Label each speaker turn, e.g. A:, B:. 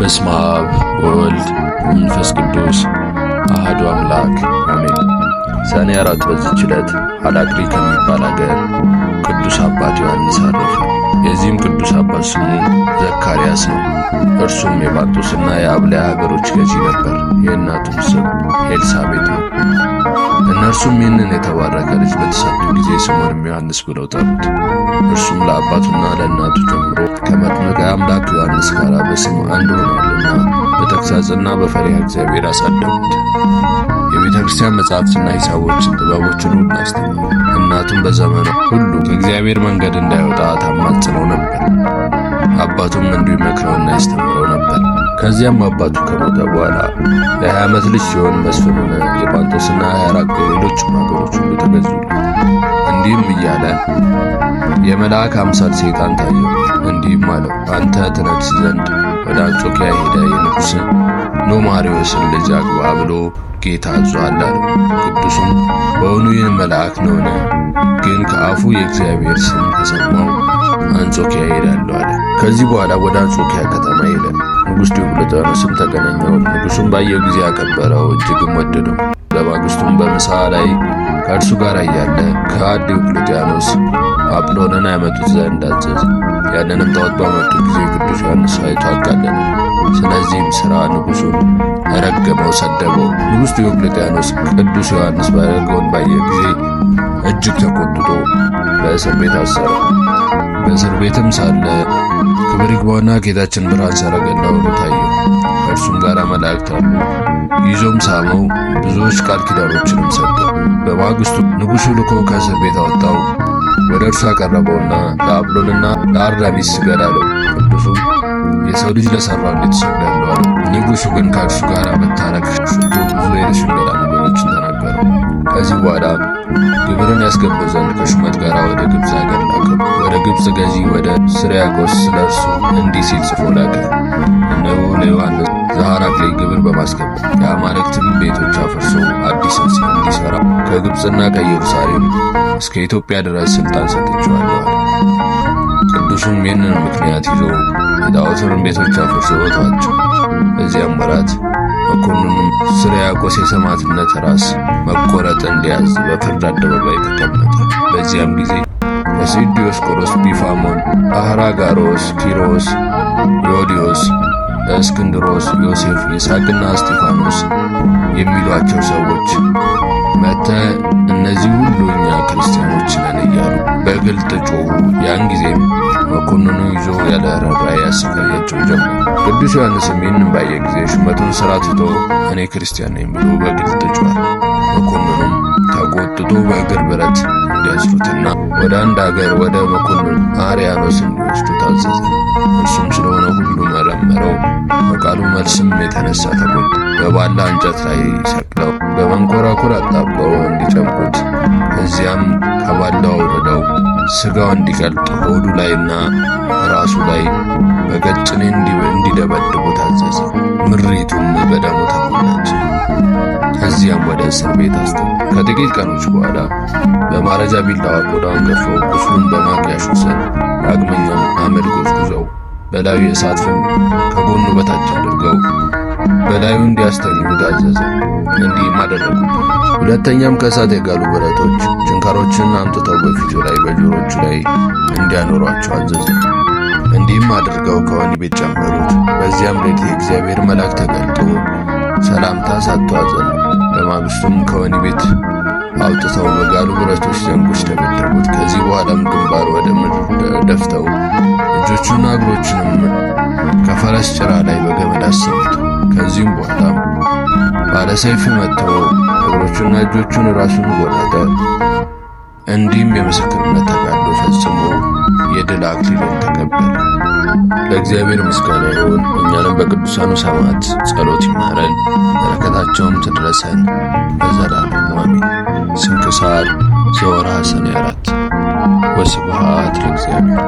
A: በስመ አብ ወወልድ ወመንፈስ ቅዱስ አህዱ አምላክ አሜን። ሰኔ አራት በዚች ዕለት አላግሪ ከሚባል አገር ቅዱስ አባት ዮሐንስ አረፈ። የዚህም ቅዱስ አባት ስሙ ዘካርያስ ነው። እርሱም የባጦስና የአብላይ ሀገሮች ገዢ ነበር። የእናቱም ስም ኤልሳቤት ነው። እነርሱም ይህንን የተባረከ ልጅ በተሰጡ ጊዜ ስሙንም ዮሐንስ ብለው ጠሩት። እርሱም ለአባቱና ለእናቱ ጀምሮ ከዮሐንስ ጋር በስሙ አንድ ሆኗልና በተግሣጽና በፈሪሃ እግዚአብሔር አሳደጉት። የቤተ ክርስቲያን መጻሕፍትና ሂሳቦችን ጥበቦችን ሁሉ አስተማሩ። እናቱም በዘመኑ ሁሉ ከእግዚአብሔር መንገድ እንዳይወጣ ታማጽነው ነበር። አባቱም እንዲሁ ይመክረውና ያስተምረው ነበር። ከዚያም አባቱ ከሞተ በኋላ የ ዓመት ልጅ ሲሆን መስፍኑን የጳንጦስና የአራቅ ሌሎች ሀገሮች ሁሉ ተገዙ። እንዲህም እያለ የመልአክ አምሳል ሰይጣን ታየ። እንዲህም አለው አንተ ትነግሥ ዘንድ ወደ አንጾኪያ ሄደ የንጉሥ ኖማሪዎስን ልጅ አግባ ብሎ ጌታ አዟል አለ። ቅዱሱም በእውኑ ይህን መልአክ ነውን? ግን ከአፉ የእግዚአብሔር ስም ተሰማው፣ አንጾኪያ ሄዳለሁ አለ። ከዚህ በኋላ ወደ አንጾኪያ ከተማ ሄደ። ንጉሥ ዲዮቅልጥያኖስም ተገናኘው። ንጉሡም ባየው ጊዜ አከበረው፣ እጅግም ወደደው። በማግስቱም በምሳ ላይ ከእርሱ ጋር እያለ ከሃዲው ዲዮቅልጥያኖስ አጵሎንን ያመጡት ዘንድ አዘዘ። ያንንም ጣዖት ባመጡ ጊዜ ቅዱስ ዮሐንስ አይቶ አጋለጠ። ስለዚህም ሥራ ንጉሡ ረገመው፣ ሰደበው። ንጉሥ ዲዮቅልጥያኖስ ቅዱስ ዮሐንስ ባደረገውን ባየ ጊዜ እጅግ ተቆጥቶ በእስር ቤት አሰረ። በእስር ቤትም ሳለ ክብር ይግባውና ጌታችን ብርሃን ሰረገላውን ታየው። ከእርሱም ጋር መላእክት አሉ። ይዞም ሳመው፣ ብዙዎች ቃል ኪዳኖችንም ሰጠ። በማግስቱ ንጉሡ ልኮ ከእስር ቤት አወጣው፣ ወደ እርሱ አቀረበውና ለአብሎንና ለአርዳሚስ ስገድ አለው። ቅዱሱም የሰው ልጅ ለሠራው እንዴት እሰግዳለሁ አለ። ንጉሡ ግን ከእርሱ ጋር መታረቅ ሽቶ ብዙ የሽንገላ ነገሮችን ተናገረ። ከዚህ በኋላ ግብርን ያስገባው ዘንድ ከሹመት ጋር ወደ ግብፅ አገር ላከው። ወደ ግብፅ ገዢ ወደ ስሪያቆስ ስለ እርሱ እንዲህ ሲል ጽፎ ላከ። እነሆ ለዮሐንስ ለሐራቅ ላይ ግብር በማስከበር የአማልክትን ቤቶች አፍርሶ አዲስ ሕንፃ እንዲሠራ ከግብፅና ከኢየሩሳሌም እስከ ኢትዮጵያ ድረስ ስልጣን ሰጥቼዋለሁ። ቅዱሱም ይህንን ምክንያት ይዞ የጣዖትን ቤቶች አፍርሶ ወጣቸው። በዚያም ወራት መኮንኑም ያቆስ የሰማዕትነት ራስ መቆረጥ እንዲያዝ በፍርድ አደባባይ ተቀመጠ። በዚያም ጊዜ ቆሮስ ቢፋሞን፣ አህራጋሮስ፣ ኪሮስ፣ ዮዲዮስ እስክንድሮስ፣ ዮሴፍ፣ ይስሐቅና እስጢፋኖስ የሚሏቸው ሰዎች መተ እነዚህ ሁሉ እኛ ክርስቲያኖች ነን እያሉ በግልጥ ጮሁ። ያን ጊዜም መኮንኑ ይዞ ያለ ረባ ያሰቃያቸው ጀመር። ቅዱስ ዮሐንስም ይህንን ባየ ጊዜ ሹመቱን ሥራ ትቶ እኔ ክርስቲያን ነኝ ብሎ በግልጥ ጮኸ። መኮንኑም ተቆጥቶ በእግር ብረት እንዲያስሩትና ወደ አንድ አገር ወደ መኮንን አርያኖስ እንዲወስዱ ታዘዘ። እርሱም ስለሆነ ሁሉ መረመረው። በቃሉ መልስም የተነሳ ተቆጡ። በባላ እንጨት ላይ ሰቅለው በመንኮራኩር አጣብቀው እንዲጨምቁት ከዚያም ከባላው አውርደው ስጋው እንዲቀልጥ ሆዱ ላይና ራሱ ላይ በቀጭኔ እንዲደበድቡ ታዘዘ። ምሪቱም በደሙ ተሞላች። ከዚያም ወደ እስር ቤት አስተ ከጥቂት ቀኖች በኋላ በማረጃ ቢላዋ ቆዳውን ገፈው ቁስሉን በማቅያሹ ያሹሰን። ዳግመኛም አመድ ጎዝጉዘው በላዩ የእሳት ፍም ከጎኑ በታች አድርገው በላዩ እንዲያስተኙት አዘዘ። እንዲህም አደረጉ። ሁለተኛም ከእሳት የጋሉ ብረቶች ችንካሮችን አምጥተው በፊቱ ላይ በጆሮቹ ላይ እንዲያኖሯቸው አዘዘ። እንዲህም አድርገው ከወህኒ ቤት ጨመሩት። በዚያም ሌሊት የእግዚአብሔር መልአክ ተገልጦ ሰላምታ ሰጥቶ አዘነ። በማግስቱም ከወህኒ ቤት አውጥተው በጋሉ ብረቶች ዘንጎች ደበደቡት። ከዚህ በኋላም ግንባር ወደ ምድር ደፍተው እጆቹና እግሮቹንም ከፈረስ ጭራ ላይ በገመድ አሰሩት። ከዚህም በኋላ ባለሰይፍ መጥቶ እግሮቹና እጆቹን ራሱን ጎረጠ። እንዲህም የምስክርነት ተጋድሎ ፈጽሞ የድል አክሊልን ተቀበለ። ለእግዚአብሔር ምስጋና ይሁን። እኛንም በቅዱሳኑ ሰማዕታት ጸሎት ይማረን፣ በረከታቸውም ትድረሰን ለዘላለሙ አሜን። ስንክሳር ዘወርኃ ሰኔ አራት። ወስብሐት ለእግዚአብሔር።